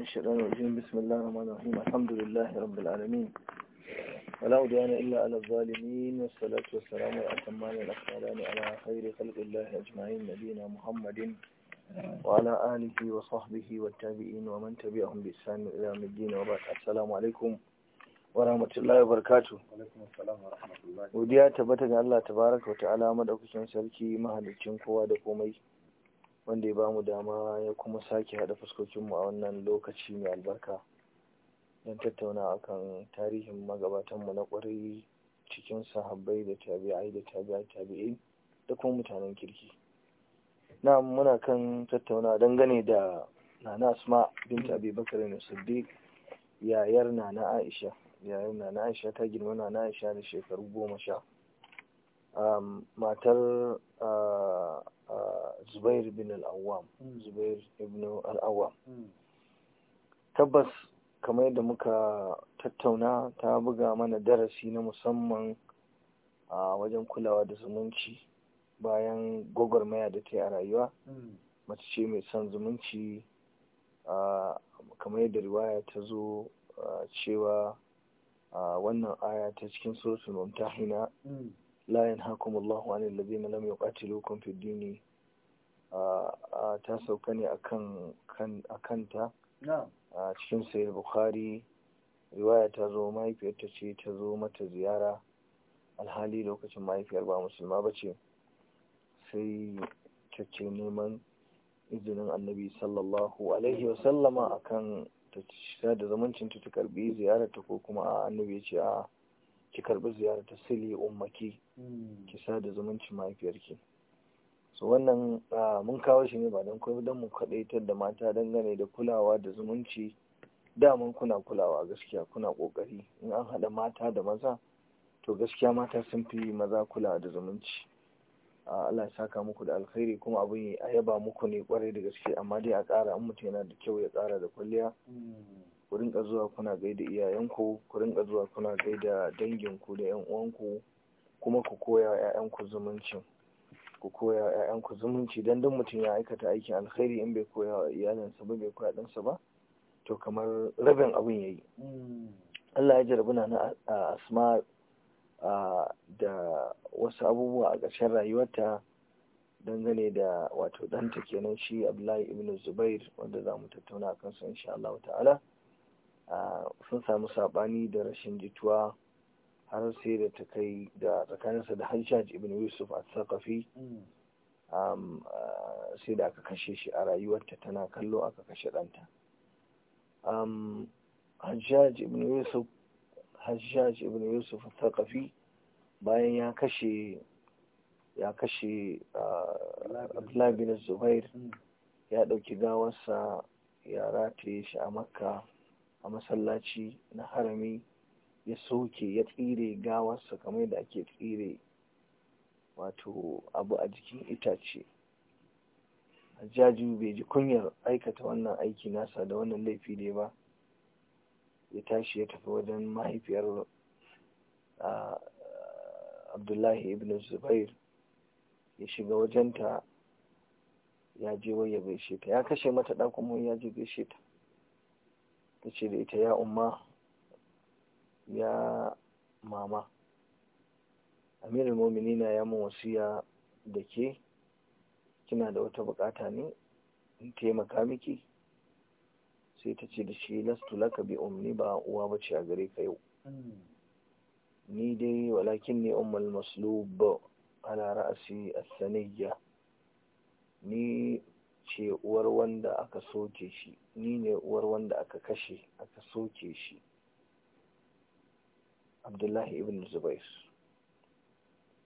الشيطان الرجيم بسم الله الرحمن الرحيم الحمد لله رب العالمين ولا عدوان إلا على الظالمين والصلاة والسلام والأتمان الأكملان على خير خلق الله أجمعين نبينا محمد وعلى آله وصحبه والتابعين ومن تبعهم بإحسان إلى يوم الدين وبعد السلام عليكم ورحمة الله وبركاته وعليكم السلام ورحمة الله وديا تبتغى الله تبارك وتعالى مدعوك سنسلكي مهدكين قوادك وميه wanda ya bamu dama ya kuma sake haɗa fuskokinmu a wannan lokaci mai albarka don tattauna akan tarihin magabatanmu na ƙwarai cikin sahabbai da tabi'ai da tabi'ai da kuma mutanen kirki na muna kan tattauna dangane da nana asma bin tabi bakar ne siddiq yayar nana aisha yayar nana aisha ta girma nana aisha da shekaru goma sha matar zubair bin al'awam zubair ibn al'awam tabbas kamar yadda muka tattauna ta buga mana darasi na musamman a wajen kulawa da zumunci bayan gwagwarmaya da ta yi a rayuwa mace ce mai son zumunci kamar yadda riwaya ta zo cewa wannan aya ta cikin mamta hina. لا ينهاكم الله عن الذين لم يقاتلوكم في الدين ta sauka ne a kanta a cikin sayar bukhari riwaya ta zo mahaifiyarta ce ta zo mata ziyara alhali lokacin mahaifiyar ba musulma ba ce sai ta ce neman izinin annabi sallallahu alaihi wa sallama akan ta da zamancin ta ta karbi ziyararta ko kuma annabi ce a ki karbi ziyarar sili ummaki hmm. ki sa da zumunci mahaifiyarki so wannan mun kawo shi ne ba don kuma don mu kaɗaitar da mata dangane da kulawa da zumunci daman kuna kulawa gaskiya kuna ƙoƙari in an haɗa mata da maza to gaskiya mata sun fi maza kulawa da zumunci Allah ya saka muku da alkhairi kuma abin a yaba muku ne kwarai da gaske amma dai a ƙara an mutum yana da kyau ya ƙara da kwalliya hmm. ku rinka zuwa kuna gaida iyayenku ku rinka zuwa kuna gaida danginku da yan uwanku kuma ku koya wa 'ya'yanku zumunci ku koya wa 'ya'yanku zumunci don duk mutum ya aikata aikin alkhairi in bai koya wa iyalinsa ba bai koya ɗansa ba to kamar rabin abin ya yi Allah ya jarabu na asma da wasu abubuwa a ƙarshen rayuwarta dangane da wato ɗanta kenan shi Abdullahi ibn Zubair wanda za mu tattauna a kansu insha Allah ta'ala. sun samu saɓani da rashin jituwa har sai da ta kai da tsakaninsa da hajjaj ibn yusuf mm. a tsakafi sai da aka kashe shi a rayuwarta tana kallo aka kashe ɗanta hajjaj ibn yusuf hajjaj ibn yusuf tsakafi bayan ya kashe ya kashe abdullahi bin zubair mm. ya ɗauki gawarsa ya rataye shi a makka a masallaci na harami ya soke ya tsire gawarsa kamar da ake tsire wato abu a jikin itace hajjaju bai ji kunyar aikata wannan aiki nasa da wannan laifi ne ba ya tashi ya tafi wajen mahaifiyar abdullahi ibn zubair ya shiga wajenta ya je waya gaishe ta ya kashe mata ɗakunmu ya je gaishe ta ta ce da ita ya umma ya mama amirul mominina ya mun wasiya da ke kina da wata bukata ne in taimaka miki sai ta ce da shi lastu laka bi umni ba uwa bace a gare ka yau ni dai walakin ne ummul maslub ala ra'si as-saniyya ni ce uwar wanda aka soke shi ni ne uwar wanda aka kashe aka soke shi abdullahi ibn zubair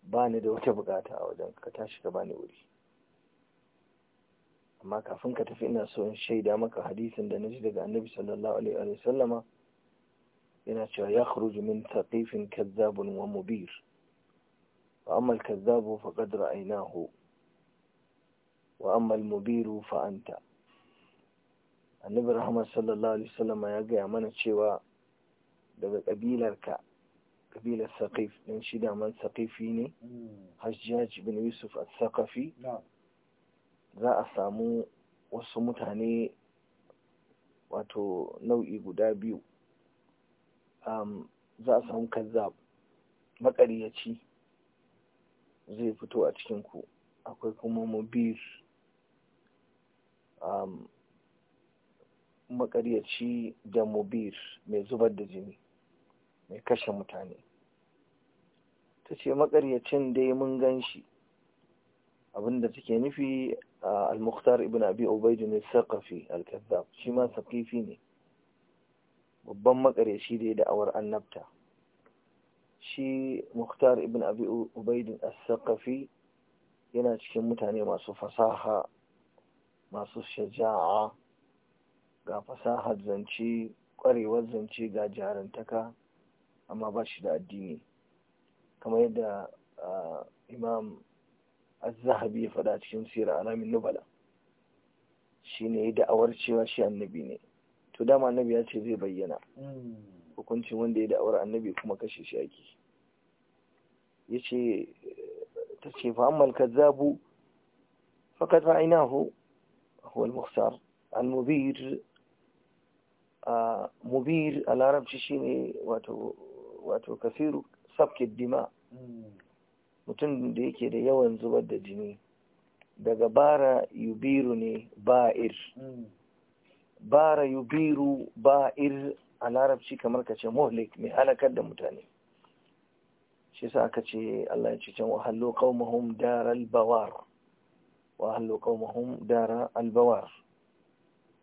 ba ni da wata bukata a wajen ka tashi ka bani wuri amma kafin ka tafi ina so in shaida maka hadisin da na ji daga annabi sallallahu alaihi wa sallama yana cewa ya kharuju min taqifin kazzabun wa mubir fa amma al-kazzabu faqad ra'aynahu wa ammal mubiru fa anta annabi rahmat sallallahu alaihi wasallam ya gaya mana cewa daga kabilarka kabilar saqif ɗin shi da man saqifi ne hajjaj bin yusuf al-saqafi za a samu wasu mutane wato nau'i guda biyu za a samu kazzab makaryaci zai fito a cikin ku akwai kuma mubir Um, makaryaci da mubir mai zubar da jini mai kashe mutane ta ce makaryacin dai mun gan shi abinda take nufi al-mukhtar ibn abi ubaidin al-saqafi al-kazzab shi ma saqifi ne babban makaryaci dai da awar annabta shi mukhtar ibn abi ubaidin al-saqafi yana cikin mutane masu fasaha masu shaja'a ga fasahar zance kwarewar zance ga jarantaka amma ba shi da addini kamar yadda imam az-zahabi ya faɗa cikin sirar alamin nubala shi ne da'awar cewa shi annabi ne to dama annabi ya ce zai bayyana hukuncin wanda ya da'awar annabi kuma kashe shi ake ya ce ta ce ka kazzabu fakat ra'inahu هو المختار al-mubir mubir a larabci shine wato kasiru sabkin dima mutum da yake da yawan zubar da jini daga bara yubiru ne ba'ir bara yubiru ba'ir a larabci kamar ka ce mohlik mai halakar da mutane shi sa aka ce Allah ya ce can wahallo qaumahum daral bawar وأهل قومهم دار البوار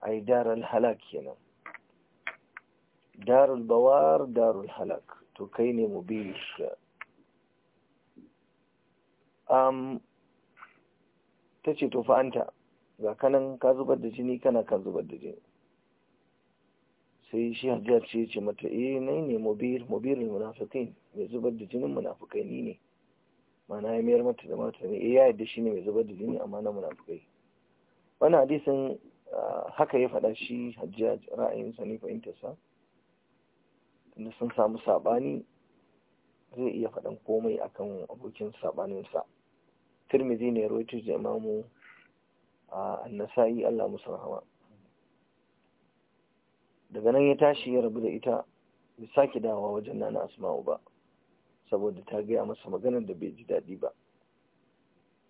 أي دار الهلاك هنا دار البوار دار الهلاك تكين مبيش أم تشي توفى أنت ga kanan ka zubar da jini kana kan zubar da jini sai shi hajjar ce ce mata eh nai ne mubir mubirul munafiqin mai zubar da jinin munafikai ne mana ya mayar mata da mata ne eh, ya yadda shi ne mai zubar da jini amma na munafukai wannan hadisin ah, haka ya faɗa shi hajjaj ra'ayin sani fahimtarsa inda sun samu saɓani zai iya faɗan komai akan abokin saɓaninsa tirmidhi ne rawaito da imamu ah, annasa'i Allah musu rahama daga nan ya tashi ya rabu da ita bai sake dawowa wajen nana asma'u ba saboda ta gaya masa maganar da bai ji daɗi ba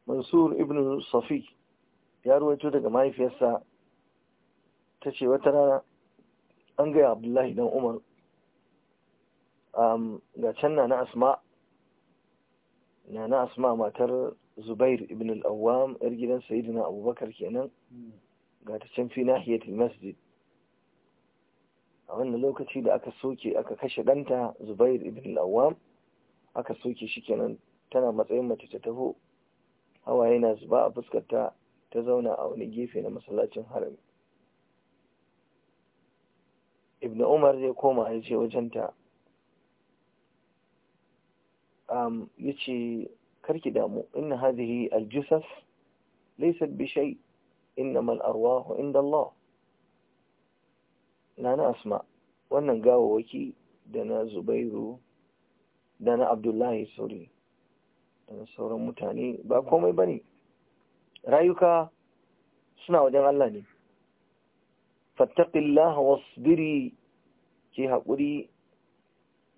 mansur ibn safi ya ruwaito daga mahaifiyarsa ta ce wata rana an gaya abdullahi dan umar um, ga can na asma na na asma matar zubair ibn al'awam yar gidan sayidina abubakar kenan ga ta can fi nahiyatul masjid a wannan lokaci da aka soke aka kashe ganta zubair ibn al'awam aka soke shi kenan tana matsayin mace ta taho hawa yana zuba a fuskarta ta zauna a wani gefe na masallacin harami ibn umar zai koma ya ce wajenta um, ya ce karki damu inna hadhihi aljusas laysat bi shay innamal arwahu inda Allah nana asma wannan gawawaki da na zubairu da na abdullahi sori da sauran mutane ba komai ba ne rayuka suna wajen Allah ne wasu biri ke haƙuri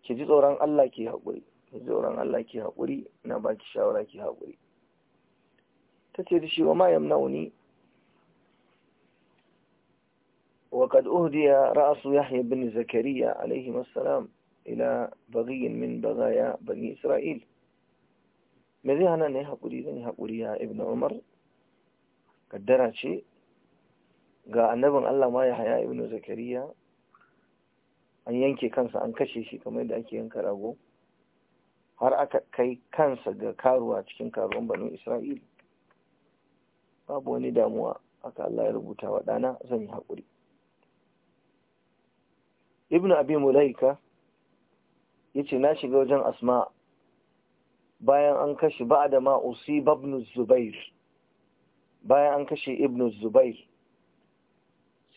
ke ji tsoron Allah ke haƙuri ke ji tsoron Allah ke haƙuri na baki shawara ke haƙuri Ta ce da shi wa na'uni wa وقد أهدي رأس يحيى بن زكريا Zakariya السلام ila baghiyin min bagaya bani isra'il me zai hana ne haƙuri zan yi haƙuri a ibn umar kaddara ce ga annabin Allah ma ya haya Ibnu zakariya an yanke kansa an kashe shi kamar yadda ake yanka rago har aka kai kansa ga karuwa cikin karuwan banu isra'il babu wani damuwa aka Allah ya rubuta wa ɗana zan yi hakuri ibnu abi mulaika ya ce na shiga wajen asma bayan an kashe ba da ma usiba zubair bayan an kashe ibnus zubair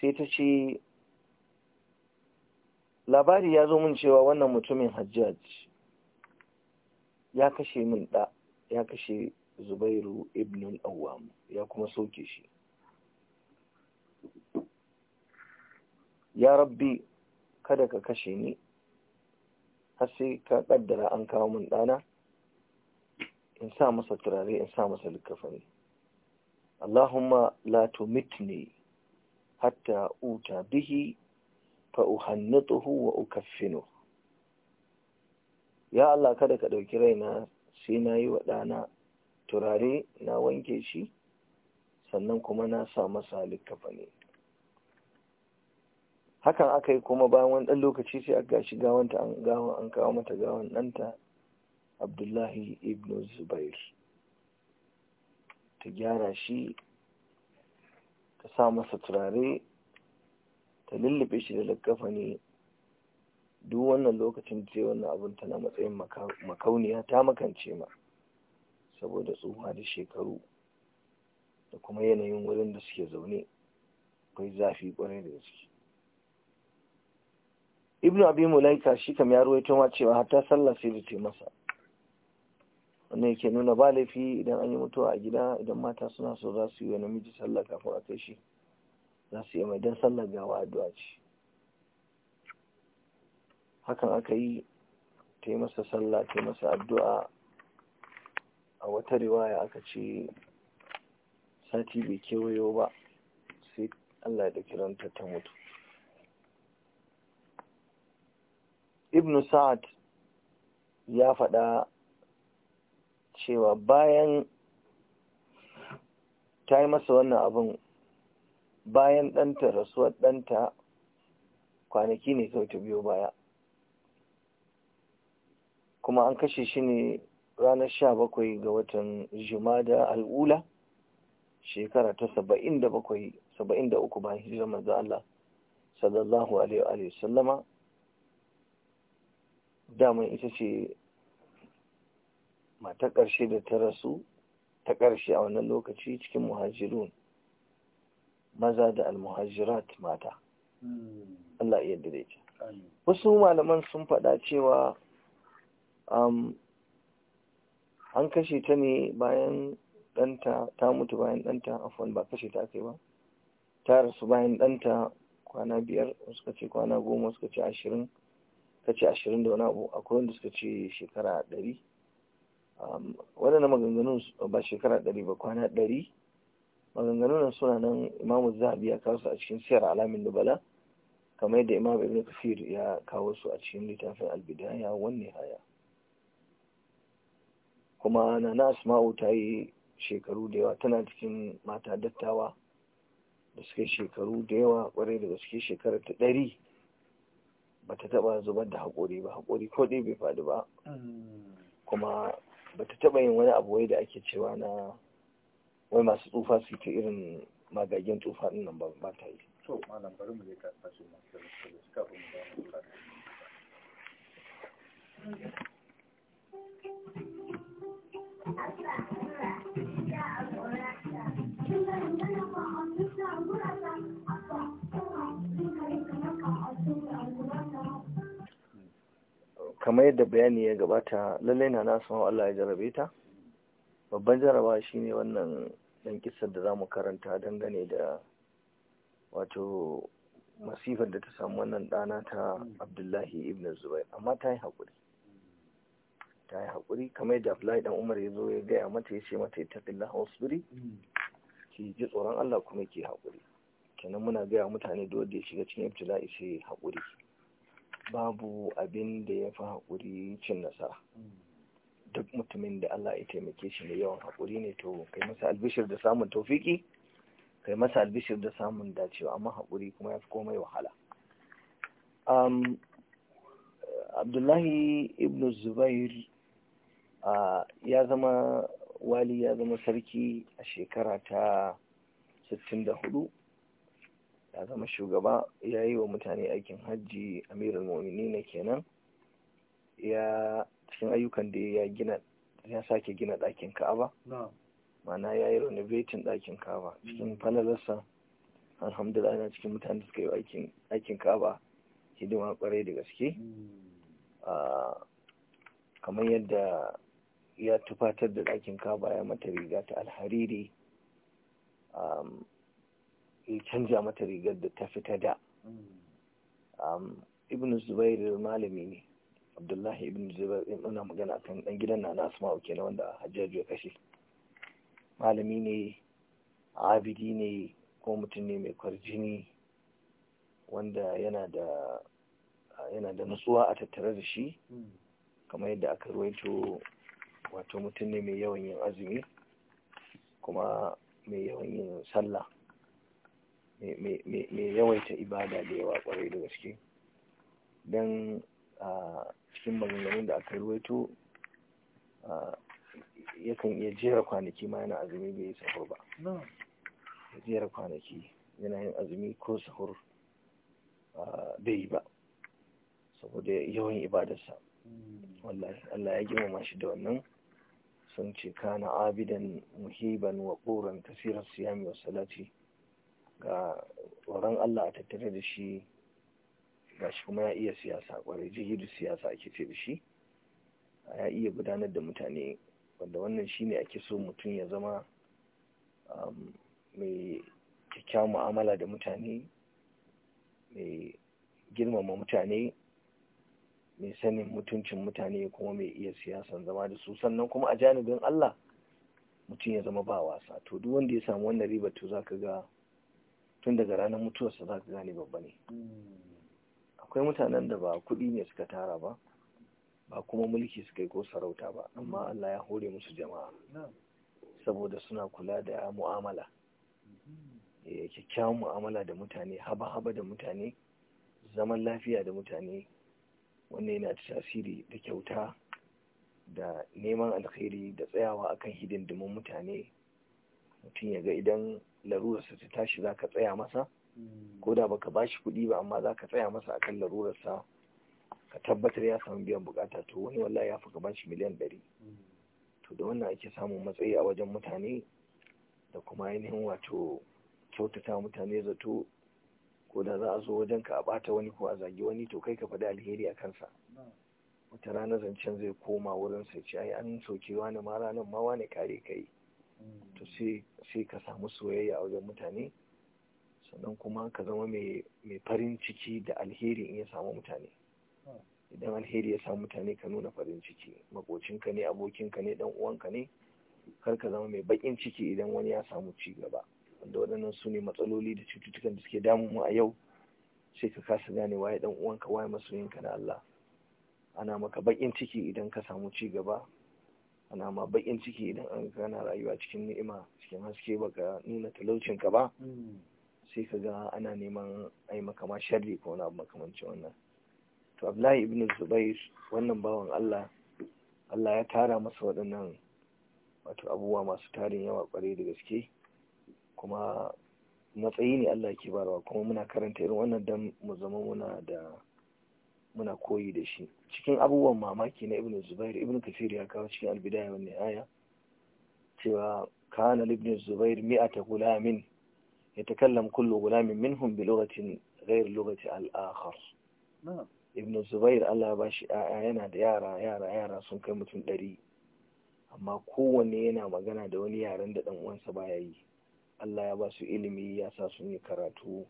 sai ta ce labari ya zo min cewa wannan mutumin hajjaj ya kashe min da ya kashe zubairu ibn awam ya kuma soke shi ya rabbi kada ka kashe ni har sai ka kaddara an kawo min dana in sa masa turare in sa masa likafani Allahumma la tumitni hatta uta bihi fa uhannituhu wa ukaffinu ya Allah kada ka ɗauki raina sai na yi wa ɗana turare na wanke shi sannan kuma na sa masa likafani hakan aka yi kuma bayan wani ɗan lokaci sai aka gashi gawanta an gawan an kawo mata gawan ɗanta abdullahi ibn zubair ta gyara shi ta sa masa turare ta lullube shi da lakkafa ne duk wannan lokacin ce wannan abin tana matsayin makauniya ta makance ma saboda tsufa da shekaru da kuma yanayin wurin da suke zaune akwai zafi kwarai da gaske ibnu abi mulaika shi kam ya ruwaito ma cewa hatta sallah sai da ce masa wannan yake nuna ba laifi idan an yi mutuwa a gida idan mata suna so za su yi wa namiji sallah kafin a kai shi za su yi mai dan sallah gawa addu'a ce hakan aka yi ta masa sallah ta masa addu'a a wata riwaya aka ce sati bai kewayo ba sai Allah da kiranta ta mutu ibn sa'ad ya faɗa cewa bayan ta yi masa wannan abin bayan ɗanta rasuwar ɗanta kwanaki ne kawai ta biyo baya kuma an kashe shi ne ranar sha bakwai ga watan da al'ula shekara ta saba'in da bakwai saba'in da uku bayan hijirar manzo Allah sallallahu alaihi wa sallama daman ita ce mata ƙarshe da ta rasu ta ƙarshe a wannan lokaci cikin muhajirun maza da almuhajirat mata hmm. Allah iya direci wasu malaman sun faɗa cewa um, an kashe ta ne bayan ɗanta ta mutu bayan ɗanta afon ba kashe ta kai ba ta rasu bayan ɗanta kwana biyar suka ce kwana goma suka ce ashirin ka ce ashirin da wani abu akwai wanda suka ce shekara ɗari um, waɗanda maganganun ba shekara ɗari ba kwana ɗari maganganun suna nan imamu zahabi ya kawo su a cikin siyar alamin da bala kamar yadda imam ibn kafir ya kawo su a cikin littafin albidaya wanne haya kuma na asma'u ta yi shekaru da yawa tana cikin mata dattawa da suka shekaru da yawa kwarai da gaske shekara ta ɗari bata taba zubar da haƙori ba haƙori ko dai bai faɗi ba kuma bata taba yin wani abu wai da ake cewa na wai masu tsufa su ta irin magagen tsufa din nan ba ta yi to malam bari mu je ka tashi masu kafin mu ba mu kamar yadda bayani ya gabata lallai na nasu Allah ya jarabe ta babban jaraba shine wannan ɗan kisar da za mu karanta dangane da wato masifar da ta samu wannan ɗana ta abdullahi ibn zubai amma ta yi haƙuri ta yi haƙuri kamar yadda abdullahi dan umar ya zo ya gaya mata ya ce mata ta ƙilla hausbiri ki ji tsoron allah kuma ki haƙuri kenan muna gaya mutane da ya shiga cikin ibtila'i sai haƙuri babu abin da ya fi haƙuri cin nasara duk mutumin da Allah ya taimake shi ne yawan haƙuri ne to kai masa albishir da samun taufiki kai masa albishir da samun dacewa amma haƙuri kuma ya fi komai wahala abdullahi ibn zubair ya zama wali ya zama sarki a shekara ta 64 ya zama shugaba ya yi wa mutane aikin hajji amirul na kenan ya cikin ayyukan da ya gina ya sake gina ɗakin ka'aba mana ya yi renovating ɗakin ka'aba hmm. cikin falalarsa alhamdulillah yana cikin mutane suka yi aikin ka'aba hidima kwarai da gaske hmm. kamar yadda ya tufatar da ɗakin ka'aba ya mata riga ta alhariri canja mata rigar da ta fita da ibn zubair malami ne abdullahi ibn zubair muna magana kan ɗan gidan na asma'u na wanda hajjaju ya kashe malami ne abidi ne ko mutum ne mai kwarjini wanda yana da yana nutsuwa a tattare da shi kamar yadda aka ruwaito wato mutum ne mai yawan yin azumi kuma mai yawan yin sallah mai yawaita ibada da yawa kwarai da gaske don cikin maganganun da aka ruwaito yakan iya jera kwanaki ma yana azumi bai yi sahur ba jera kwanaki yana yin azumi ko sahur bai yi ba saboda yawan ibadarsa hmm. Allah ya girmama shi da wannan sun ce kana abidan muhiban wa ƙoran kasirar siyami wa salati ga tsoron Allah a tattare da shi ga shi kuma ya iya siyasa kwarai jihidu siyasa ake ce da shi ya iya gudanar da mutane wanda wannan shi shine ake so mutum ya zama um, mai kyakkyawar mu'amala da mutane mai girmama mutane mai sanin mutuncin mutane kuma mai iya siyasan zama da su sannan kuma a janibin Allah mutum ya zama ba wasa to duk wanda ya samu wannan riba to zaka ga tun daga ranar mutuwarsa za ka gane babba ne akwai mutanen da ba kuɗi ne suka tara ba ba kuma mulki suka yi ko sarauta ba amma mm. Allah ya hore musu jama'a saboda suna kula da mu'amala mm-hmm. eh, kyakkyawan mu'amala da mutane haba-haba da mutane zaman lafiya da mutane wannan yana tasiri da kyauta da neman alkhairi da tsayawa akan hidindimin mutane mutum ya ga idan larurarsa ta tashi za ka tsaya masa hmm. ko da baka ba shi kuɗi ba amma za ka tsaya masa akan larurarsa ka tabbatar ya samu biyan bukata to wani wallahi ya fi gaban shi miliyan ɗari hmm. to da wannan ake samun matsayi a wajen mutane da kuma ainihin wato kyautata mutane zato ko da za a zo wajen ka a bata wani ko a zagi wani to kai ka faɗi alheri a kansa hmm. wata rana zancen zai koma wurin sai ce ai an soke wani ma ranar ma wani kare kai to sai ka samu soyayya a wajen mutane sannan kuma ka zama mai farin ciki da alheri in ya samu mutane idan alheri ya samu mutane ka nuna farin ciki makocinka ne abokinka ne dan uwanka ne kar ka zama mai bakin ciki idan wani ya samu ci gaba wanda waɗannan su ne matsaloli da cututtukan da suke damun mu a yau sai ka kasa gane waye dan uwanka waye masoyinka na Allah ana maka bakin ciki idan ka samu ci gaba ana ma bakin ciki idan an kana rayuwa cikin ni'ima cikin haske baka nuna talaucinka ba hmm. sai ka ga ana neman ai maka ma sharri ko wani abu makamancin wannan to Abdullahi ibn Zubair wannan bawan Allah Allah ya tara masa waɗannan wato abubuwa masu tarin yawa ƙwarai da gaske kuma matsayi ne Allah ke barawa kuma muna karanta irin wannan dan mu zama muna da muna koyi da shi cikin abubuwan mamaki na ibn zubair ibn kafir ya kawo cikin albidaya wannan aya cewa kana ibn zubair mi'ata gulamin yatakallam kullu gulamin minhum bi lughatin ghayr lughati al-akhar ibn zubair Allah ba shi aya yana da yara yara yara sun kai mutum ɗari amma kowanne yana magana da wani yaren da ɗan uwansa baya yi Allah ya ba su ilimi ya sa sun yi karatu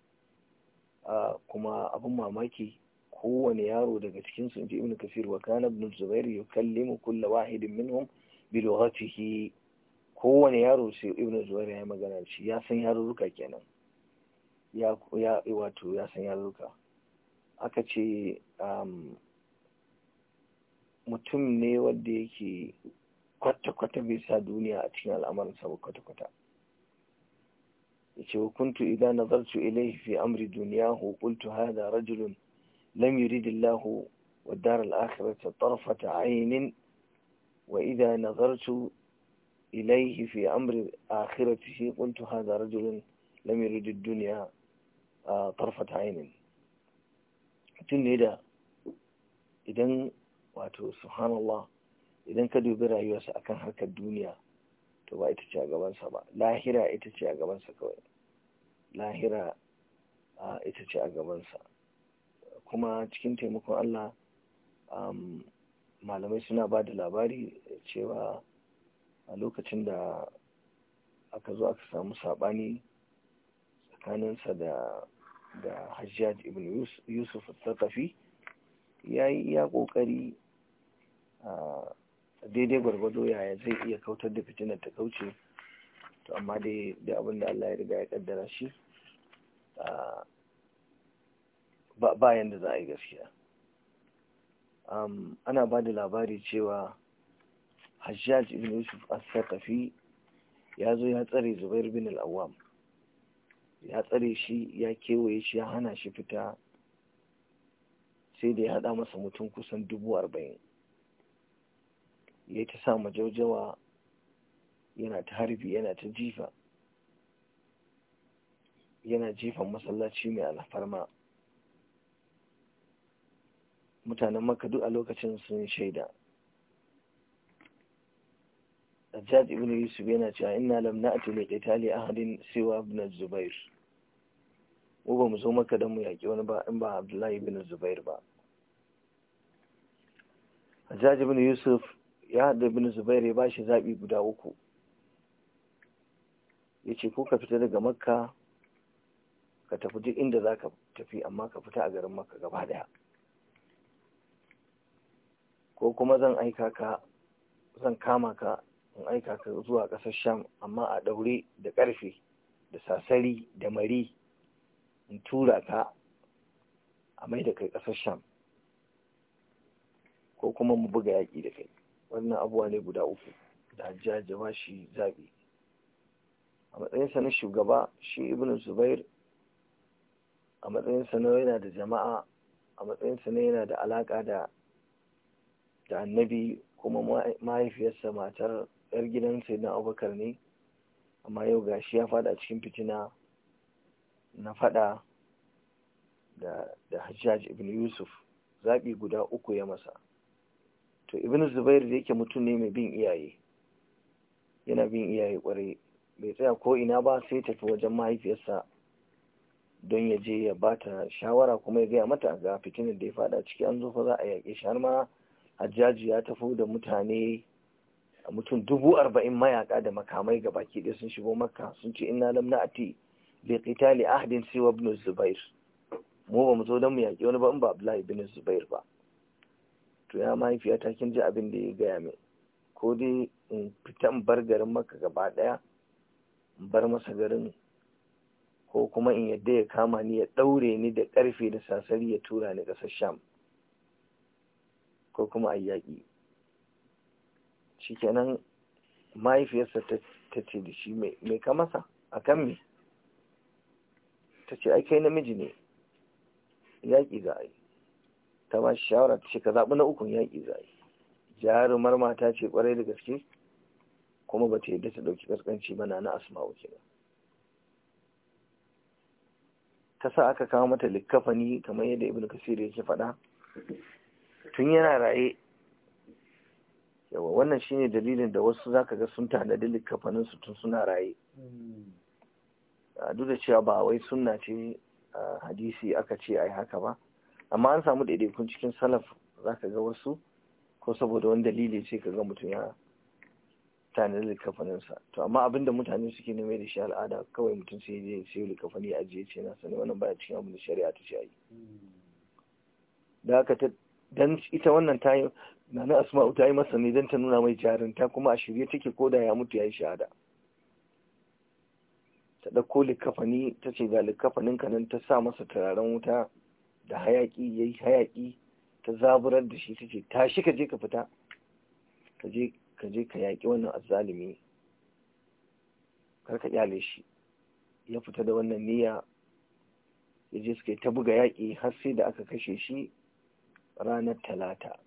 ah, kuma abin mamaki kowane yaro daga cikin su inji ibn kasir wa kana ibn zubair yukallimu kull wahidin minhum bi lughatihi kowane yaro sai ibn zubair ya magana shi ya san yarurruka kenan ya ya wato ya san yarurruka aka ce um, mutum ne wanda yake kwata-kwata bai sa duniya a cikin al'amarin sa kwata-kwata yace kuntu idan nazartu ilayhi fi amri duniyahu qultu hadha rajulun لم يريد الله والدار الآخرة طرفة عين وإذا نظرت إليه في أمر آخرته قلت هذا رجل لم يريد الدنيا طرفة عين تنهد إذن wato suhanallah idan ka dubi rayuwarsa akan harkar duniya to ba ita ce a gabansa ba lahira ita ce a gabansa kawai lahira ita ce a gabansa kuma cikin taimakon allah um, malamai suna ba da labari cewa a lokacin da aka zo aka samu saɓani tsakaninsa da da hajjaj ibn yusuf ta ya yi iya ƙoƙari daidai gwargwado yaya zai iya kautar da fitinar ta kauce to amma dai da abin da Allah ya riga ya kaddara shi ba yadda za a yi gaskiya ana ba da labari cewa hajjaj ibn yusuf as ya zo ya tsare zubair bin al'awam ya tsare shi ya kewaye shi ya hana shi fita sai da ya haɗa masa mutum kusan dubu arba'in ya ta sa majaujawa yana ta harbi yana ta jifa yana jifan masallaci mai alfarma mutanen maka duk a lokacin sun shaida Jaji ibn Yusuf yana cewa inna lam na'ti li qitali ahadin siwa ibn Zubair mu ba mu zo maka dan mu yaki wani ba in ba Abdullahi bin Zubair ba Hajjaj ibn Yusuf ya da ibn Zubair ya bashi zaɓi guda uku yace ko ka fita daga Makka ka tafi duk inda zaka tafi amma ka fita a garin Makka gaba daya ko kuma zan aika ka zan kama ka in aika ka zuwa ƙasar sham amma a ɗaure da ƙarfe da sasari da mari in tura ka a mai da kai ƙasar sham ko kuma mu buga yaƙi da kai wannan abuwa ne guda uku da jajjawa shi zaɓi a matsayinsa na shugaba shi ibn zubair a matsayinsa na yana da jama'a a matsayinsa na yana da alaƙa da da annabi kuma mm. mahaifiyarsa matar yar gidan sayyidina abubakar ne amma yau ga shi ya fada cikin fitina na fada da da hajjaj ibn yusuf zaɓi guda uku ya masa to ibn zubair da yake mutum ne mai bin iyaye yana bin iyaye kwarai bai tsaya ko ina ba sai tafi wajen mahaifiyarsa don ya je ya bata shawara kuma ya gaya mata ga fitinin da ya fada ciki an zo fa za a yaƙe shi har ma hajjaji ya tafi da mutane mutum dubu arba'in mayaka da makamai ga baki ɗaya sun shigo makka sun ce inna lam na'ati bi qitali ahdin siwa ibn zubair mu ba mu zo don mu yaƙi wani ba in ba abdullahi ibn zubair ba to ya mahaifiyata kin ji abin da ya gaya min ko dai in fita in bar garin maka gaba ɗaya in bar masa garin ko kuma in yadda ya kama ni ya ɗaure ni da ƙarfe da sasari ya tura ni ƙasar sham ko kuma a yaƙi shikenan mahaifiyarsa ta ce da shi mai ka masa a kan me ta ce ai kai namiji ne yaƙi za a yi ta ma shawara ta ce ka zaɓi na ukun yaƙi za a yi jarumar mata ce ƙwarai da gaske kuma ba ta yadda ta ɗauki ƙasƙanci ba na na asma'u kenan ta sa aka kawo mata likkafani kamar yadda ibn kasir yake faɗa tun yana raye yawa wannan shine dalilin da wasu zaka ga sun tanadi likafanin su tun suna raye hmm. ah, duk da cewa ba wai sunna ce hadisi aka ce ai haka ba amma an samu daidaikun cikin salaf zaka ga wasu ko saboda wani dalili ce ka ga mutum ya tanadi likafaninsa to amma abin da mutane suke neme da shi al'ada kawai mutum sai je sai likafani a je ce na sani wannan baya cikin abin da shari'a ta ce ai hmm. da haka dan ita wannan ta yi na asma'u ta yi masa ne don ta nuna mai jarinta kuma a shirye take ko da ya mutu ya yi shahada ta ɗauko likafani ta ce ga likafanin ka nan ta sa masa turaren wuta da hayaki ya yi hayaƙi ta zaburar da shi ta ce tashi ka je ka fita ka je ka yaƙi wannan azzalimi ka kyale shi ya fita da wannan niyya ya je suka ta buga yaƙi har sai da aka kashe shi ranar talata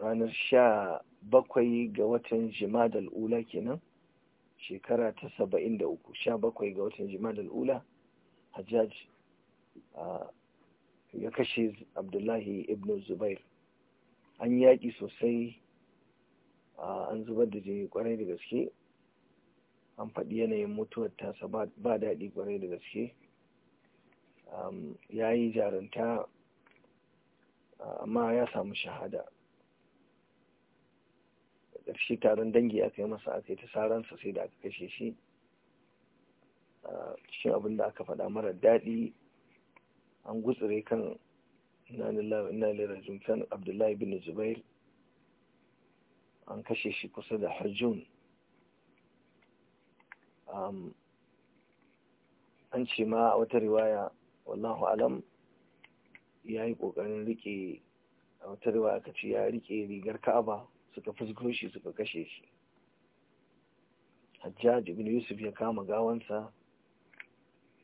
ranar sha bakwai ga watan jimadal ula kenan shekara ta saba'in da uku sha bakwai ga watan jimadal ula hajjaj ya kashe abdullahi ibn zubair an yaƙi sosai an zubar da jini kwarai da gaske an faɗi yanayin mutuwar tasa ba daɗi kwarai da gaske ya yi jarunta amma ya samu shahada da ƙarshe taron dangi aka yi masa aka yi ta saransa sai da aka kashe shi cikin abin da aka faɗa mara daɗi an gutsire kan ina lera kan abdullahi bin zubair an kashe shi kusa da hajjun an ce ma wata riwaya wallahu alam ya yi ƙoƙarin rike a wata riwa aka ce ya rike rigar ka'aba suka fusgo shi suka kashe shi hajjaj ibn yusuf ya kama gawansa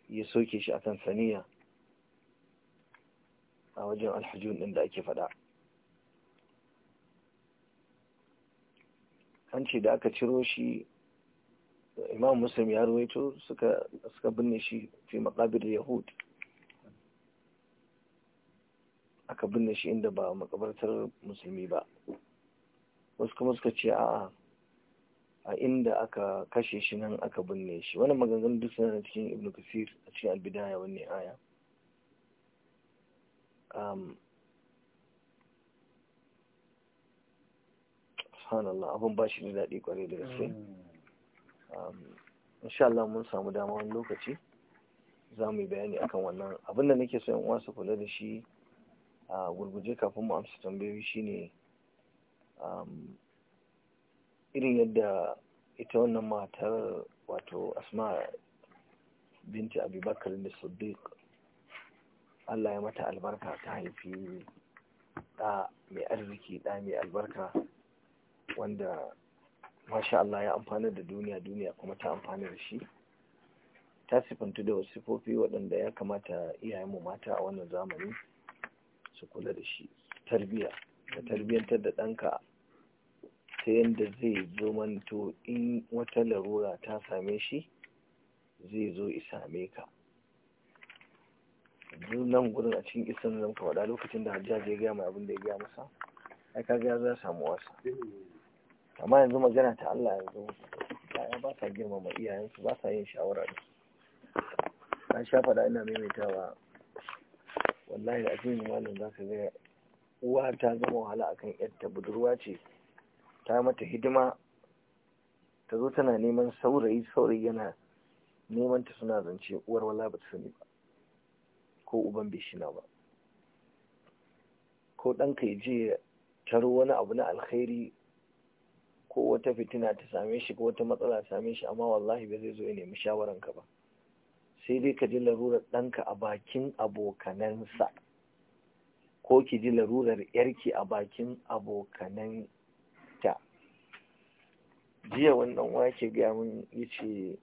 ya soke shi a tansaniya a wajen alhajjun ɗin da ake faɗa an ce da aka ciro shi imam muslim ya ruwaito suka binne shi fi makabir Yahudi. aka binne shi inda ba makabartar musulmi ba wasu kuma suka ce a a inda aka kashe shi nan aka binne shi wani maganganun duk suna cikin ibnu kasir a cikin albidaya wani aya um, Allah abin ba shi da daɗi kwarai da gaske um, insha Allah mun samu dama wani lokaci za mu yi bayani akan wannan abinda nake so yan uwa su kula da shi a gurguje kafin mu amsa tambayoyi shine um, irin yadda ita wannan matar wato asma binti abubakar da sadiq allah ya mata albarka ta haifi ɗa mai arziki ɗa mai albarka wanda masha Allah ya amfana da duniya duniya kuma ta amfana da shi ta sifantu da wasu sifofi waɗanda ya kamata iyayenmu mata a wannan zamani su kula da shi tarbiya ka tarbiyantar da ɗanka ta yadda zai zo manto in wata larura ta same shi zai zo isame ka nan gudun a cikin isan zan kawada lokacin da hajjaj ya gaya mai abin da ya gaya masa ai ka gaya za samu wasa amma yanzu magana ta Allah yanzu ya ba sa girmama iyayensu ba sa yin shawara da su an sha faɗa ina maimaitawa wallahi da ajiyar malam za ka ga uwa ta zama wahala akan yadda budurwa ce ta mata hidima ta zo tana neman saurayi saurayi yana neman ta suna zance uwar wala ba ta sani ba ko uban bai shina ba ko ɗanka ya je taro wani abu na alkhairi ko wata fitina ta same shi ko wata matsala ta same shi amma wallahi ba zai zo ya nemi shawaranka ba sai dai ka ji larurar ɗanka a bakin abokanansa ko ki ji larurar yarki a bakin abokananta jiya wannan wake gaya mun yace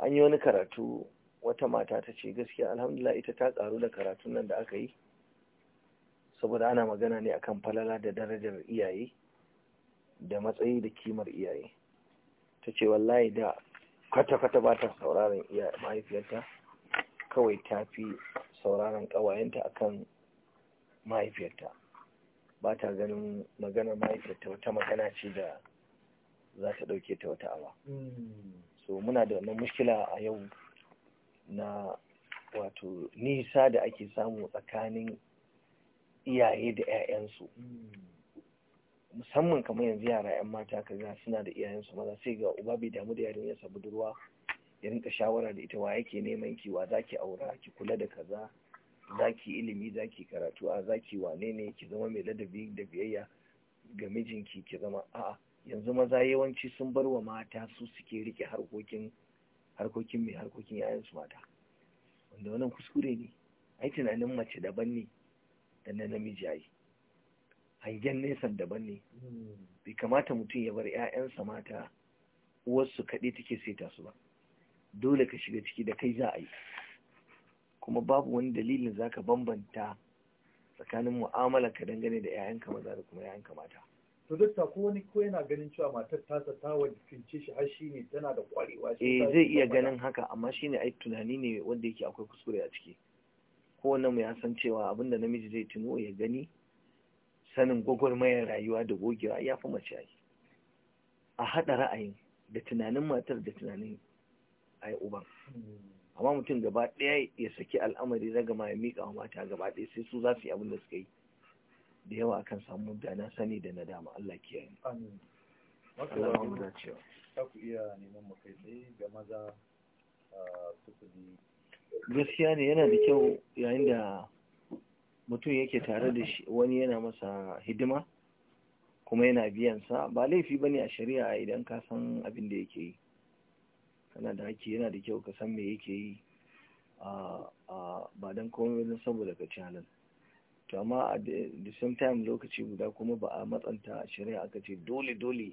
an yi wani karatu wata mata ta ce gaskiya alhamdulillah ita ta karu da karatun nan da aka yi saboda ana magana ne akan falala da darajar iyaye da matsayi da kimar iyaye ta ce wallahi da kwata-kwata ba ta sauraron iya mahaifiyarta kawai ta fi sauraron ƙawayenta akan mahaifiyarta ba ta ganin maganar mahaifiyarta wata magana ce da za ta ɗauke ta wata awa so muna da wannan mushkila a yau na wato nisa da ake samu tsakanin iyaye da 'ya'yansu musamman kamar yanzu yara 'yan mata ka ga suna da iyayensu maza sai ga uba bai damu da yarinyarsa budurwa ya rinka shawara da ita wa yake neman ki wa zaki aura ki kula da kaza zaki ilimi zaki karatu a zaki wane ne ki zama mai ladabi da biyayya ga mijinki ki zama a'a yanzu maza yawanci sun bar wa mata su suke rike harkokin harkokin mai harkokin yayansu mata wanda wannan kuskure ne ai tunanin mace daban ne da na namiji ai hangen nesa daban ne hmm. bai kamata mutum ya bar 'ya'yansa mata uwarsu kaɗai take saita su ba dole ka shiga ciki da kai za a yi kuma babu wani dalilin za ka bambanta tsakanin mu'amala ka dangane da 'ya'yanka maza da kuma 'ya'yanka mata to dokta ko wani ko yana ganin cewa matar tasa ta wadda shi har shi ne tana da kwarewa shi eh zai iya ganin haka amma shi ne ai tunani ne wanda yake akwai kuskure a ciki wannan mu ya san cewa abinda namiji zai tuno ya gani sanin gwagwarmayar rayuwa da gogewa ya fi mace yi a haɗa ra'ayin da tunanin matar da tunanin a yi uban amma mutum gaba ɗaya ya saki al'amari na gama ya miƙa wa mata gaba ɗaya sai su za su yi abin da suka yi da yawa akan samu da na sani da na dama Allah yi. Ah, gaskiya ne yana da kyau yayin da mutum yake tare da shi wani yana masa hidima kuma yana biyansa ba laifi ba ne a shari'a idan ka san abin da yake yi kana da haƙƙi yana da kyau ka san me yake yi ba don komai don saboda ka ci halin to amma a the same time lokaci guda kuma ba a matsanta a shari'a aka ce dole dole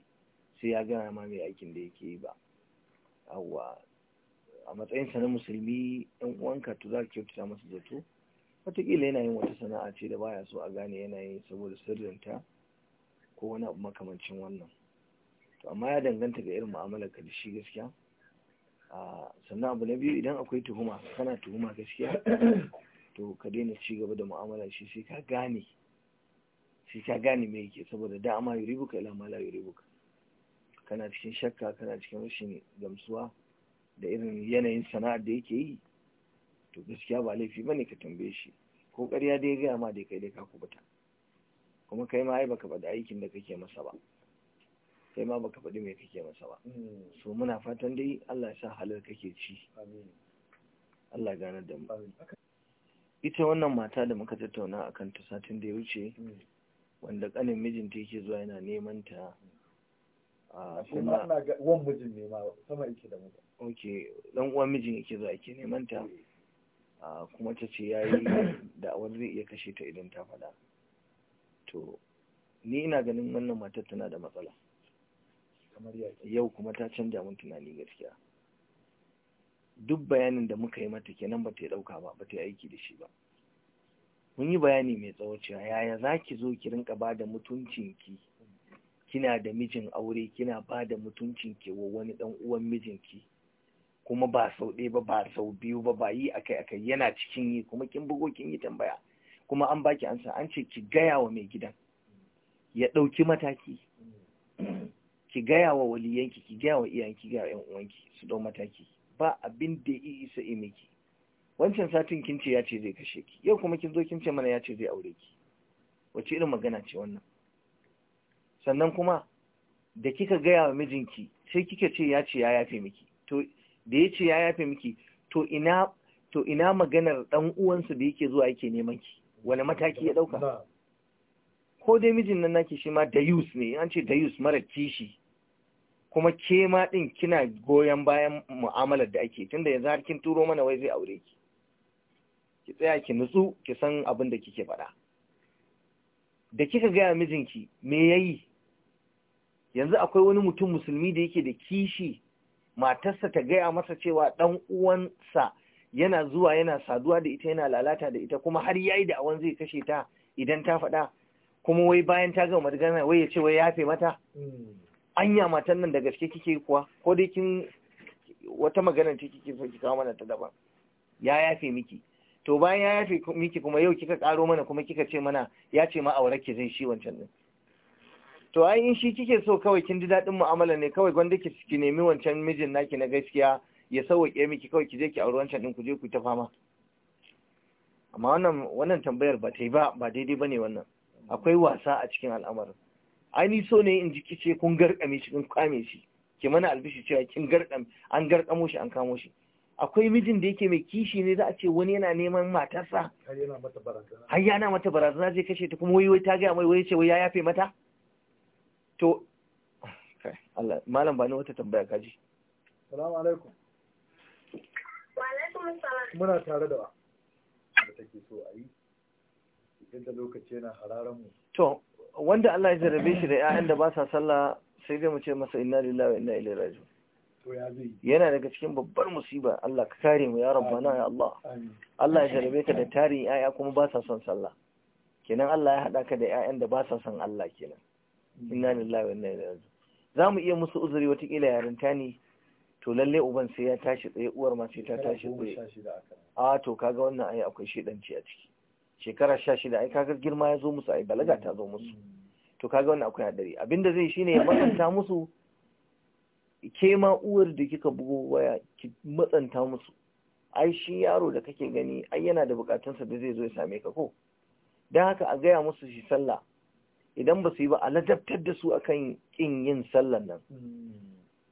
sai ya gana ma mai aikin da yake yi ba a matsayinsa na musulmi yan uwanka to za ka kyautata masa zato watakila yana yin wata sana'a ce da baya so a gane yana yi saboda sirrinta ko wani abu makamancin wannan to amma ya danganta ga irin mu'amalar ka da shi gaskiya sannan abu na biyu idan akwai tuhuma kana tuhuma gaskiya to ka daina ci gaba da mu'amala shi sai ka gane sai ka gane me yake saboda da amma buka ila mala yuri buka kana cikin shakka kana cikin rashin gamsuwa da irin yanayin sana'ar da yake yi to gaskiya ba laifi ba ne ka tambaye shi ko ƙarya dai gaya ma dai kai dai ka kubuta kuma kai ma ai baka faɗi aikin da kake masa ba kai ma baka faɗi mai kake masa ba hmm. so muna fatan dai Allah ya sa halal kake ci Allah gane da mu ita wannan mata da muka tattauna akan ta satin da ya wuce hmm. wanda kanin mijinta yake zuwa yana neman ta a sama yake da mu Ok, ɗan uwan mijin yake zuwa ake neman ta hmm. kuma ta ce ya yi da'awar zai iya kashe ta idan ta faɗa to ni ina ganin wannan matar tana da matsala yau kuma ta canja mun tunani gaskiya duk bayanin da muka yi mata kenan ba ta yi ɗauka ba ba ta yi aiki da shi ba mun yi bayani mai tsawo cewa yaya za ki zo ki rinka ba da mutuncinki kina da mijin aure kina ba da mutuncinki wa wani ɗan uwan mijinki kuma ba sau ɗaya ba ba sau biyu ba ba yi akai akai yana cikin yi kuma kin bugo kin yi tambaya kuma an baki ansa an ce ki gaya wa mai gidan ya ɗauki mataki ki gaya wa waliyanki ki gaya wa iyayen ki gaya wa ƴan uwanki su ɗau mataki ba abin da ya isa yi miki wancan satin kin ce ya ce zai kashe ki yau kuma kin zo kin ce mana ya ce zai aure ki wace irin magana ce wannan sannan kuma da kika gaya wa mijinki sai kika ce ya ce ya yafe miki to da ya ce ya yafe miki to ina to ina maganar dan uwansa da yake zuwa yake neman ki wani mataki ya dauka ko dai mijin nan naki shi ma dayus ne an ce da dayus mara kishi kuma ke ma din kina goyon bayan mu'amalar da ake tunda yanzu har kin turo mana wai zai aure ki ki tsaya ki nutsu ki san abin da kike faɗa da kika gaya mijinki me yayi yanzu akwai wani mutum musulmi da yake da kishi matarsa ta gaya masa cewa ɗan uwansa yana zuwa yana saduwa da ita yana lalata da ita kuma har yayi da awan zai kashe ta idan ta faɗa kuma wai bayan ta gama magana wai ya ce wai yafe mata hmm. anya matan nan da gaske kike kuwa ko dai kin wata magana ce kike so ki kawo mana ta daban ya yafe miki to bayan ya yafe miki kuma yau kika karo mana kuma kika ce mana ya ce ma aure ki zai shi wancan din to ai in shi kike so kawai kin ji daɗin mu'amala ne kawai gwanda ki ki nemi wancan mijin naki na gaskiya ya sauwaƙe miki kawai ki je ki auri wancan din ku je ku ta fama amma wannan wannan tambayar ba ta yi ba ba daidai bane wannan akwai wasa a cikin al'amarin ai ni so ne in ji kice kun garkame shi kun kwame shi ki mana albishi cewa kin garkam an garkamo shi an kamo shi akwai mijin da yake mai kishi ne za a ce wani yana neman matarsa har yana mata barazana zai kashe ta kuma wai wai ta gaya mai wai ce wai ya yafe mata to Allah malam bani wata tambaya kaji salamu alaikum wa alaikum salam muna tare da ba take so a yi idan da lokaci yana hararan mu to wanda Allah ya jarabe shi da ƴaƴan da ba sa sallah sai dai mu ce masa inna lillahi wa inna ilaihi raji'un yana daga cikin babbar musiba Allah ka kare mu ya rabbana ya Allah Allah ya jarabe ka da tarin ƴaƴa kuma ba sa son sallah kenan Allah ya hada ka da ƴaƴan da ba sa son Allah kenan inna lillahi wa inna ilaihi raji'un za mu iya musu uzuri kila yarinta ne to lalle uban sai ya tashi tsaye uwar ma sai ta tashi tsaye a to kaga wannan ai akwai shedanci a ciki shekara sha shida ai kaga girma ya zo musu ai balaga ta zo musu to kaga wannan akwai hadari abinda zai shine ya matsanta musu ke ma uwar da kika bugo waya ki matsanta musu ai shi yaro da kake gani ai yana da bukatunsa da zai zo ya same ka ko dan haka a gaya musu shi sallah idan ba su yi ba a ladabtar da su akan kin yin sallan nan hmm.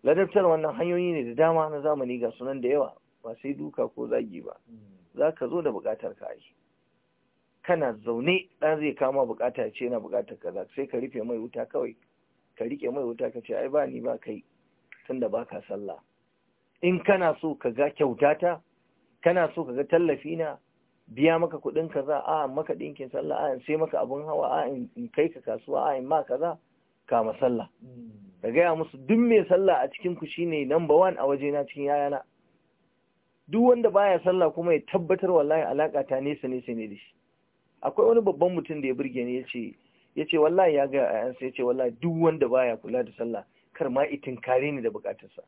ladabtar wannan hanyoyi ne da dama na zamani ga sunan da yawa ba sai duka ko zagi ba hmm. za ka zo da bukatar ka yi kana zaune ɗan zai kama bukata ce na bukatar za sai ka rufe mai wuta kawai ka rike mai wuta ka ce ai ba ni ba kai tunda ba ka sallah in kana so ka ga kyautata kana so ka ga tallafi na biya maka kuɗin kaza a maka ɗinkin sallah a sai maka abin hawa a in kai ka kasuwa a in ma kaza kama sallah ka gaya musu duk mai sallah a cikin ku shine number one a waje na cikin yayana duk wanda baya sallah kuma ya tabbatar wallahi alaka ta nesa nesa ne da shi akwai wani babban mutum da ya burge ni yace yace wallahi ya ga ya yace wallahi duk wanda baya kula da sallah kar ma itin kare ni da bukatarsa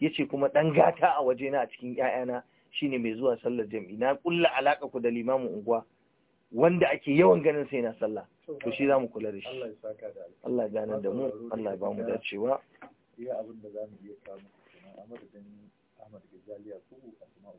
yace kuma dan gata a waje na a cikin yayana shine mai zuwa sallar jami'i na kulla alaka ku da limamin unguwa wanda ake yawan ganin sai na sallah to shi zamu kula da shi Allah ya gane da mu Allah ya ba mu dacewa iya abin da zamu iya samu a madadin Ahmad Asma'u